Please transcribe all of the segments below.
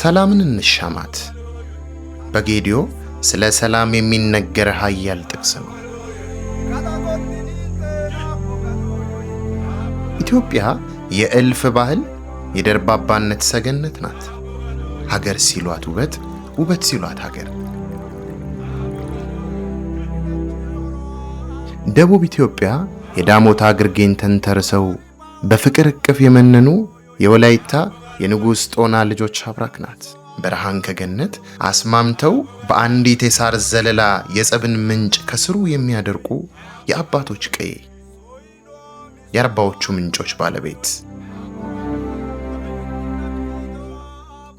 ሰላምን እንሻማት በጌዲዮ ስለ ሰላም የሚነገር ኃያል ጥቅስ ነው። ኢትዮጵያ የእልፍ ባህል የደርባባነት ሰገነት ናት። ሀገር ሲሏት ውበት፣ ውበት ሲሏት ሀገር። ደቡብ ኢትዮጵያ የዳሞታ ግርጌን ተንተርሰው በፍቅር እቅፍ የመነኑ የወላይታ የንጉሥ ጦና ልጆች አብራክ ናት። በረሃን ከገነት አስማምተው በአንዲት የሳር ዘለላ የጸብን ምንጭ ከስሩ የሚያደርቁ የአባቶች ቀዬ የአርባዎቹ ምንጮች ባለቤት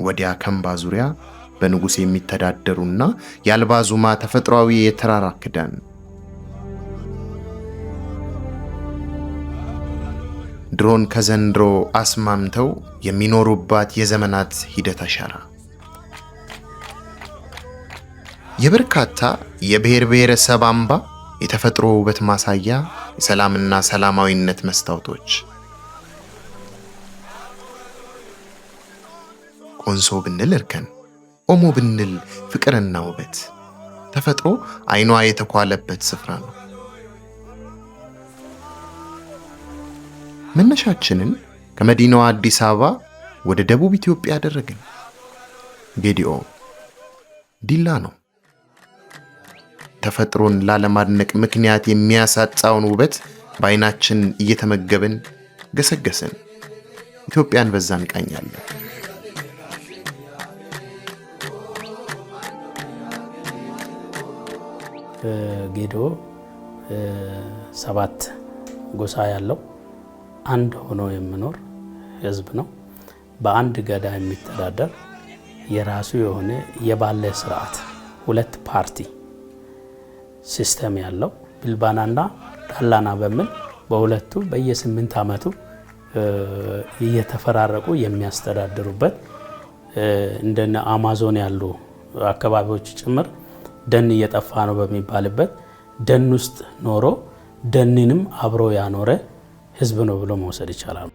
ወዲያ ከምባ ዙሪያ በንጉሥ የሚተዳደሩና የአልባዙማ ተፈጥሯዊ የተራራ ክዳን ድሮን ከዘንድሮ አስማምተው የሚኖሩባት የዘመናት ሂደት አሻራ የበርካታ የብሔር ብሔረሰብ አምባ የተፈጥሮ ውበት ማሳያ የሰላምና ሰላማዊነት መስታወቶች ኮንሶ ብንል እርከን፣ ኦሞ ብንል ፍቅርና ውበት ተፈጥሮ አይኗ የተኳለበት ስፍራ ነው። መነሻችንን ከመዲናዋ አዲስ አበባ ወደ ደቡብ ኢትዮጵያ ያደረግን ጌዲኦ ዲላ ነው። ተፈጥሮን ላለማድነቅ ምክንያት የሚያሳጣውን ውበት በአይናችን እየተመገብን ገሰገስን። ኢትዮጵያን በዛ እንቃኛለን። ጌዲኦ ሰባት ጎሳ ያለው አንድ ሆኖ የሚኖር ህዝብ ነው። በአንድ ገዳ የሚተዳደር የራሱ የሆነ የባለ ስርዓት ሁለት ፓርቲ ሲስተም ያለው ቢልባናና ዳላና በምን በሁለቱ በየስምንት ዓመቱ እየተፈራረቁ የሚያስተዳድሩበት እንደነ አማዞን ያሉ አካባቢዎች ጭምር ደን እየጠፋ ነው በሚባልበት ደን ውስጥ ኖሮ ደንንም አብሮ ያኖረ ህዝብ ነው ብሎ መውሰድ ይቻላል።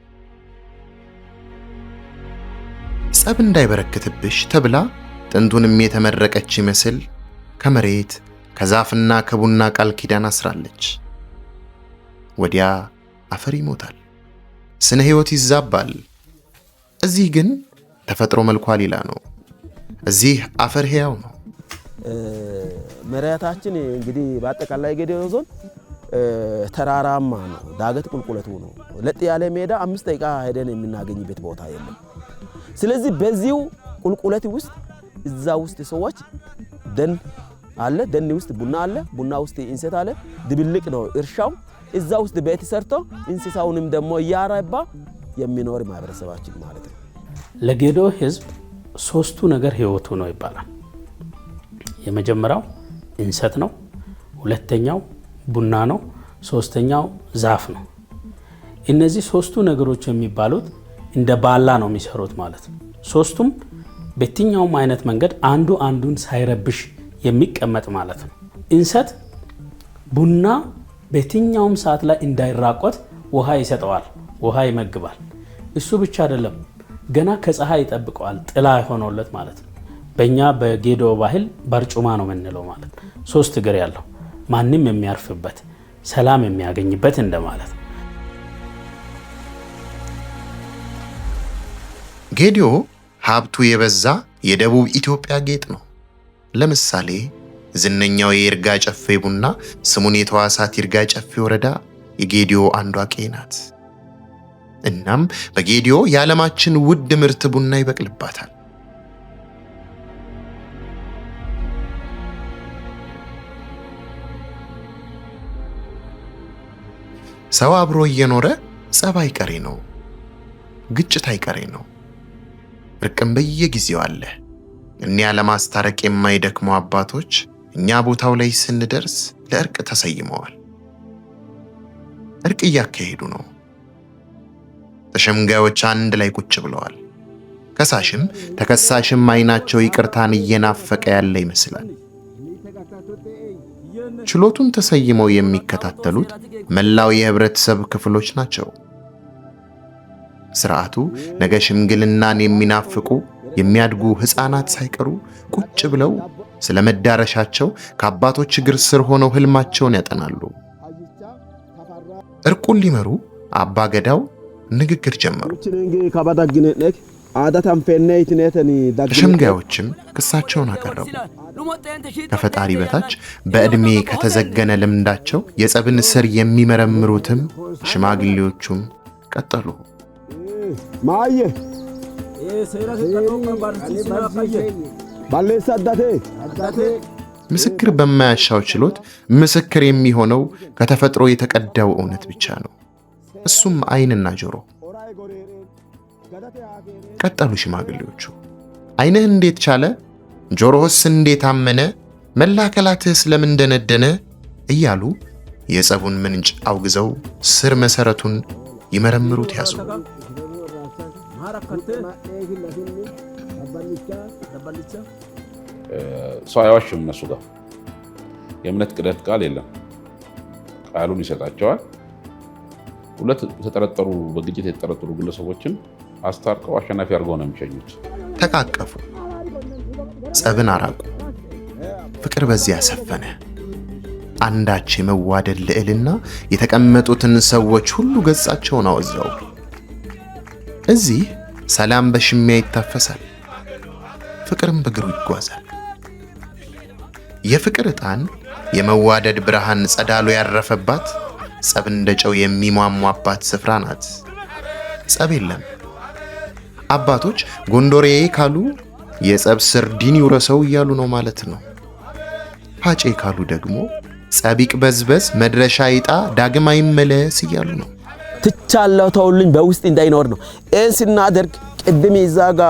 ጸብ እንዳይበረክትብሽ ተብላ ጥንቱንም የተመረቀች ይመስል ከመሬት ከዛፍና ከቡና ቃል ኪዳን አስራለች። ወዲያ አፈር ይሞታል፣ ስነ ሕይወት ይዛባል። እዚህ ግን ተፈጥሮ መልኳ ሌላ ነው። እዚህ አፈር ሕያው ነው። መሬታችን እንግዲህ በአጠቃላይ ገዴኦ ዞን ተራራማ ነው፣ ዳገት ቁልቁለቱ ነው። ለጥ ያለ ሜዳ አምስት ደቂቃ ሄደን የምናገኝበት ቦታ የለም። ስለዚህ በዚው ቁልቁለት ውስጥ እዛ ውስጥ ሰዎች ደን አለ፣ ደን ውስጥ ቡና አለ፣ ቡና ውስጥ እንሰት አለ። ድብልቅ ነው እርሻው። እዛ ውስጥ ቤት ሰርቶ እንስሳውንም ደግሞ እያረባ የሚኖር ማህበረሰባችን ማለት ነው። ለጌዶ ህዝብ ሶስቱ ነገር ህይወቱ ነው ይባላል። የመጀመሪያው እንሰት ነው። ሁለተኛው ቡና ነው። ሶስተኛው ዛፍ ነው። እነዚህ ሶስቱ ነገሮች የሚባሉት እንደ ባላ ነው የሚሰሩት ማለት ነው። ሶስቱም በየትኛውም አይነት መንገድ አንዱ አንዱን ሳይረብሽ የሚቀመጥ ማለት ነው። እንሰት ቡና በየትኛውም ሰዓት ላይ እንዳይራቆት ውሃ ይሰጠዋል፣ ውሃ ይመግባል። እሱ ብቻ አይደለም፣ ገና ከፀሐይ ይጠብቀዋል፣ ጥላ የሆነለት ማለት ነው። በእኛ በጌዶ ባህል በርጩማ ነው የምንለው ማለት ነው። ሶስት እግር ያለው ማንም የሚያርፍበት ሰላም የሚያገኝበት እንደማለት ነው። ጌዲዮ ሀብቱ የበዛ የደቡብ ኢትዮጵያ ጌጥ ነው። ለምሳሌ ዝነኛው የይርጋ ጨፌ ቡና ስሙን የተዋሳት ይርጋ ጨፌ ወረዳ የጌዲዮ አንዷ ቄ ናት። እናም በጌዲዮ የዓለማችን ውድ ምርት ቡና ይበቅልባታል። ሰው አብሮ እየኖረ ጸብ አይቀሬ ነው፣ ግጭት አይቀሬ ነው፣ እርቅም በየጊዜው አለ። እኒያ ለማስታረቅ የማይደክሙ አባቶች እኛ ቦታው ላይ ስንደርስ ለእርቅ ተሰይመዋል። እርቅ እያካሄዱ ነው። ተሸምጋዮች አንድ ላይ ቁጭ ብለዋል። ከሳሽም ተከሳሽም አይናቸው ይቅርታን እየናፈቀ ያለ ይመስላል። ችሎቱን ተሰይመው የሚከታተሉት መላው የህብረተሰብ ክፍሎች ናቸው። ስርዓቱ ነገ ሽምግልናን የሚናፍቁ የሚያድጉ ሕፃናት ሳይቀሩ ቁጭ ብለው ስለ መዳረሻቸው ከአባቶች እግር ስር ሆነው ሕልማቸውን ያጠናሉ። እርቁን ሊመሩ አባ ገዳው ንግግር ጀመሩ። ሸምጋዮችም ክሳቸውን አቀረቡ። ከፈጣሪ በታች በዕድሜ ከተዘገነ ልምዳቸው የጸብን ስር የሚመረምሩትም ሽማግሌዎቹም ቀጠሉ። ማየ ባሌሳ አዳቴ ምስክር በማያሻው ችሎት ምስክር የሚሆነው ከተፈጥሮ የተቀዳው እውነት ብቻ ነው። እሱም አይንና ጆሮ ቀጠሉ ሽማግሌዎቹ። ዓይንህ እንዴት ቻለ? ጆሮህስ እንዴት አመነ? መላከላትህ ስለምን እንደነደነ እያሉ የጸቡን ምንጭ አውግዘው ስር መሰረቱን ይመረምሩት ያዙ። ሰው አይዋሽም። እነሱ ጋር የእምነት ቅደት ቃል የለም። ቃሉን ይሰጣቸዋል። ሁለት የተጠረጠሩ በግጭት የተጠረጠሩ ግለሰቦችን አስታርቀው አሸናፊ አድርገው ነው የሚሸኙት። ተቃቀፉ፣ ጸብን አራቁ። ፍቅር በዚያ ሰፈነ። አንዳች የመዋደድ ልዕልና የተቀመጡትን ሰዎች ሁሉ ገጻቸውን አወዛው። እዚህ ሰላም በሽሚያ ይታፈሳል፣ ፍቅርም በእግሩ ይጓዛል። የፍቅር ዕጣን የመዋደድ ብርሃን ጸዳሉ ያረፈባት ጸብ እንደ ጨው የሚሟሟባት ስፍራ ናት። ጸብ የለም። አባቶች ጎንዶሬ ካሉ የጸብ ስርዲን ይውረሰው እያሉ ነው ማለት ነው። ፓጬ ካሉ ደግሞ ጸቢቅ በዝበዝ መድረሻ ይጣ ዳግም አይመለስ እያሉ ነው። ትቻለሁ ተውልኝ በውስጥ እንዳይኖር ነው። ይህን ስናደርግ ቅድም ይዛ ጋ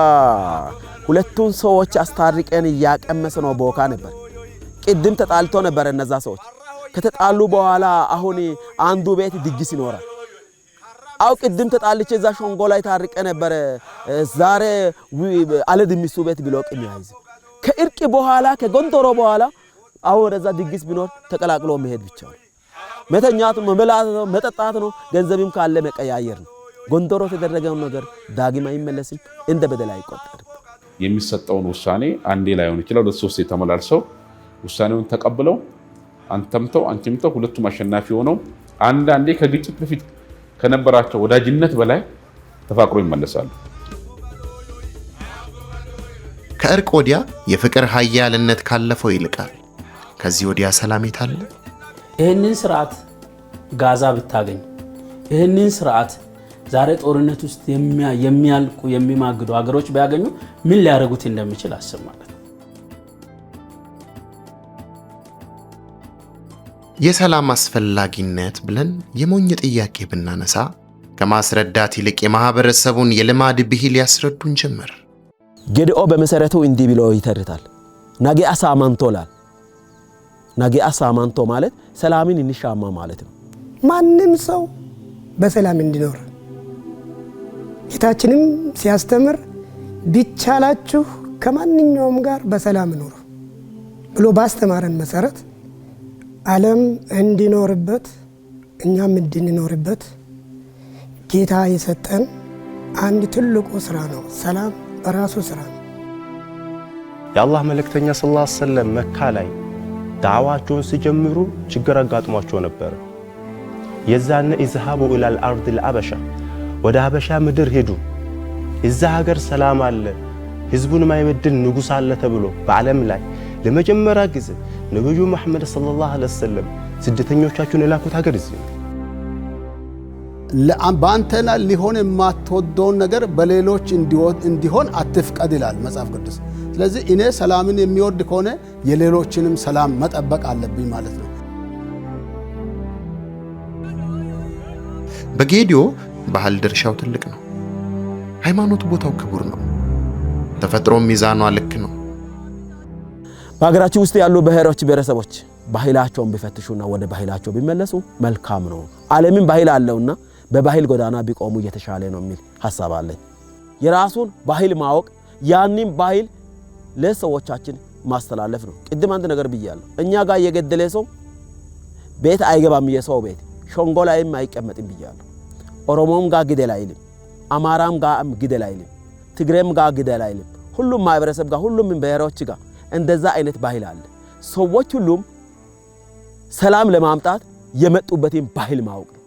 ሁለቱን ሰዎች አስታርቀን እያቀመሰ ነው ቦካ ነበር። ቅድም ተጣልቶ ነበር። እነዛ ሰዎች ከተጣሉ በኋላ አሁን አንዱ ቤት ድግስ ይኖራል። አው ቅድም ተጣልቼ እዛ ሾንጎ ላይ ታርቀ ነበረ። ዛሬ አለድ ሚስቱ ቤት ቢሎቅ የሚያይዝ ከእርቅ በኋላ ከጎንደሮ በኋላ አሁን ወደዛ ድግስ ቢኖር ተቀላቅሎ መሄድ ብቻ ነው። መተኛት ነው፣ መብላት ነው፣ መጠጣት ነው፣ ገንዘብም ካለ መቀያየር ነው። ጎንደሮ የተደረገው ነገር ዳግም አይመለስም፣ እንደ በደል አይቆጠርም። የሚሰጠውን ውሳኔ አንዴ ላይሆን ይችላል፣ ሁለት ሶስት የተመላልሰው ውሳኔውን ተቀብለው አንተምተው አንቺምተው ሁለቱም አሸናፊ ሆነው አንዳንዴ ከግጭት በፊት ከነበራቸው ወዳጅነት በላይ ተፋቅሮ ይመለሳሉ። ከእርቅ ወዲያ የፍቅር ሀያልነት ካለፈው ይልቃል። ከዚህ ወዲያ ሰላም የት አለ? ይህንን ስርዓት ጋዛ ብታገኝ፣ ይህንን ስርዓት ዛሬ ጦርነት ውስጥ የሚያልቁ የሚማግዱ ሀገሮች ቢያገኙ ምን ሊያደርጉት እንደሚችል አስብ ማለት የሰላም አስፈላጊነት ብለን የሞኝ ጥያቄ ብናነሳ ከማስረዳት ይልቅ የማህበረሰቡን የልማድ ብሂል ያስረዱን ጀመር። ጌድኦ በመሰረቱ እንዲህ ብሎ ይተርታል። ናጌ አሳማንቶ ላል ናጌ አሳማንቶ ማለት ሰላምን እንሻማ ማለት ነው። ማንም ሰው በሰላም እንዲኖር ጌታችንም ሲያስተምር ቢቻላችሁ ከማንኛውም ጋር በሰላም ኑሩ ብሎ ባስተማረን መሰረት ዓለም እንዲኖርበት እኛም እንድንኖርበት ጌታ የሰጠን አንድ ትልቁ ስራ ነው። ሰላም በራሱ ስራ ነው። የአላህ መልእክተኛ ሰለላሁ ዐለይሂ ወሰለም መካ ላይ ዳዕዋቸውን ሲጀምሩ ችግር አጋጥሟቸው ነበር። የዛነ ኢዝሃቡ ኢላል አርዲል አበሻ ወደ አበሻ ምድር ሄዱ፣ እዛ ሀገር ሰላም አለ፣ ህዝቡን ማይበድል ንጉሥ አለ ተብሎ በዓለም ላይ ለመጀመሪያ ጊዜ ነብዩ መሐመድ ሰለላሁ ዐለይሂ ወሰለም ስደተኞቻችሁን የላኩት ሀገር እዚህ ነው። በአንተና ሊሆን የማትወደውን ነገር በሌሎች እንዲሆን አትፍቀድ ይላል መጽሐፍ ቅዱስ። ስለዚህ እኔ ሰላምን የሚወድ ከሆነ የሌሎችንም ሰላም መጠበቅ አለብኝ ማለት ነው። በጌዲዮ ባህል ድርሻው ትልቅ ነው። ሃይማኖት ቦታው ክቡር ነው። ተፈጥሮ ሚዛኗ ልክ ነው። በሀገራችን ውስጥ ያሉ ብሔሮች፣ ብሔረሰቦች ባህላቸውን ቢፈትሹና ወደ ባህላቸው ቢመለሱ መልካም ነው። ዓለምን ባህል አለውና በባህል ጎዳና ቢቆሙ እየተሻለ ነው የሚል ሀሳብ አለኝ። የራሱን ባህል ማወቅ ያንን ባህል ለሰዎቻችን ማስተላለፍ ነው። ቅድም አንድ ነገር ብያለሁ። እኛ ጋር የገደለ ሰው ቤት አይገባም፣ የሰው ቤት ሸንጎ ላይም አይቀመጥም ብያለሁ። ኦሮሞም ጋር ግደል አይልም፣ አማራም ጋር ግደል አይልም፣ ትግሬም ጋር ግደል አይልም። ሁሉም ማህበረሰብ ጋር፣ ሁሉም ብሔሮች ጋር እንደዛ አይነት ባህል አለ። ሰዎች ሁሉም ሰላም ለማምጣት የመጡበትን ባህል ማወቅ ነው።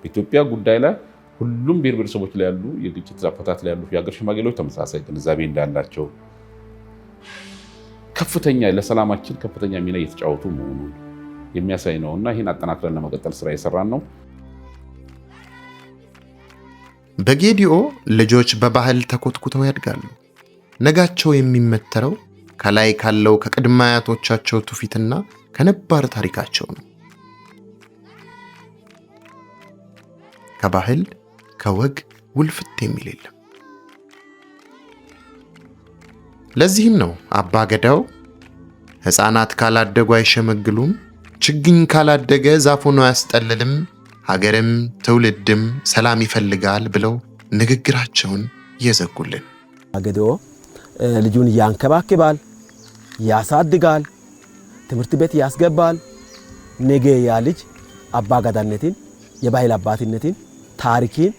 በኢትዮጵያ ጉዳይ ላይ ሁሉም ብሔር ብሔረሰቦች ላይ ያሉ የግጭት አፈታት ላይ ያሉ የሀገር ሽማግሌዎች ተመሳሳይ ግንዛቤ እንዳላቸው ከፍተኛ ለሰላማችን ከፍተኛ ሚና እየተጫወቱ መሆኑን የሚያሳይ ነው እና ይህን አጠናክረን ለመቀጠል ስራ የሰራን ነው። በጌዲኦ ልጆች በባህል ተኮትኩተው ያድጋሉ። ነጋቸው የሚመተረው ከላይ ካለው ከቅድመ አያቶቻቸው ትውፊትና ከነባር ታሪካቸው ነው። ከባህል ከወግ ውልፍት የሚል የለም። ለዚህም ነው አባ ገዳው ሕፃናት ካላደጉ አይሸመግሉም፣ ችግኝ ካላደገ ዛፍ ሆኖ አያስጠልልም፣ ሀገርም ትውልድም ሰላም ይፈልጋል ብለው ንግግራቸውን የዘጉልን። አገዶ ልጁን እያንከባክባል ያሳድጋል፣ ትምህርት ቤት ያስገባል። ነገ ያ ልጅ አባ ገዳነትን የባህል አባትነትን ታሪክን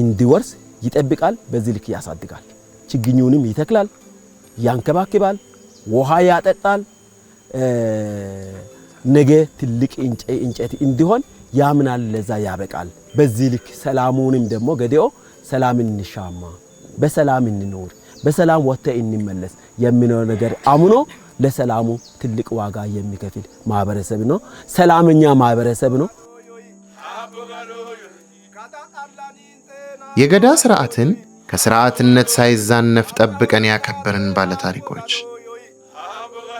እንዲወርስ ይጠብቃል። በዚህ ልክ ያሳድጋል። ችግኙንም ይተክላል፣ ያንከባክባል፣ ውሃ ያጠጣል። ነገ ትልቅ እንጨት እንዲሆን ያምናል፣ ለዛ ያበቃል። በዚህ ልክ ሰላሙንም ደግሞ ገዲኦ ሰላም እንሻማ፣ በሰላም እንኖር፣ በሰላም ወጥተ እንመለስ የሚለው ነገር አምኖ ለሰላሙ ትልቅ ዋጋ የሚከፍል ማህበረሰብ ነው። ሰላመኛ ማህበረሰብ ነው። የገዳ ስርዓትን ከስርዓትነት ሳይዛነፍ ጠብቀን ያከበርን ባለታሪኮች፣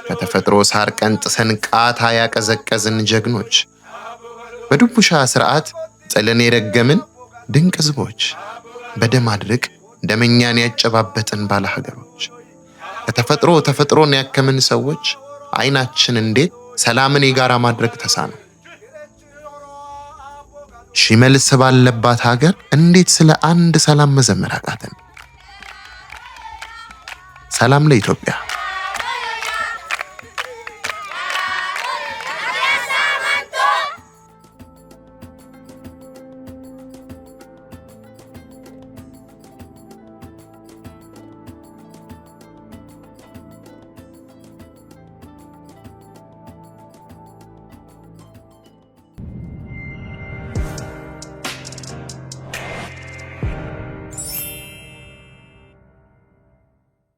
ከተፈጥሮ ሳር ቀንጥሰን ቃታ ያቀዘቀዝን ጀግኖች፣ በዱቡሻ ስርዓት ጥልን የደገምን ድንቅ ህዝቦች በደም አድርቅ ደመኛን ያጨባበጥን ባለሀገሮች ከተፈጥሮ ተፈጥሮን ያከምን ሰዎች አይናችን እንዴት ሰላምን የጋራ ማድረግ ተሳነ ሽመልስ ባለባት ሀገር እንዴት ስለ አንድ ሰላም መዘመር አቃተን? ሰላም ለኢትዮጵያ።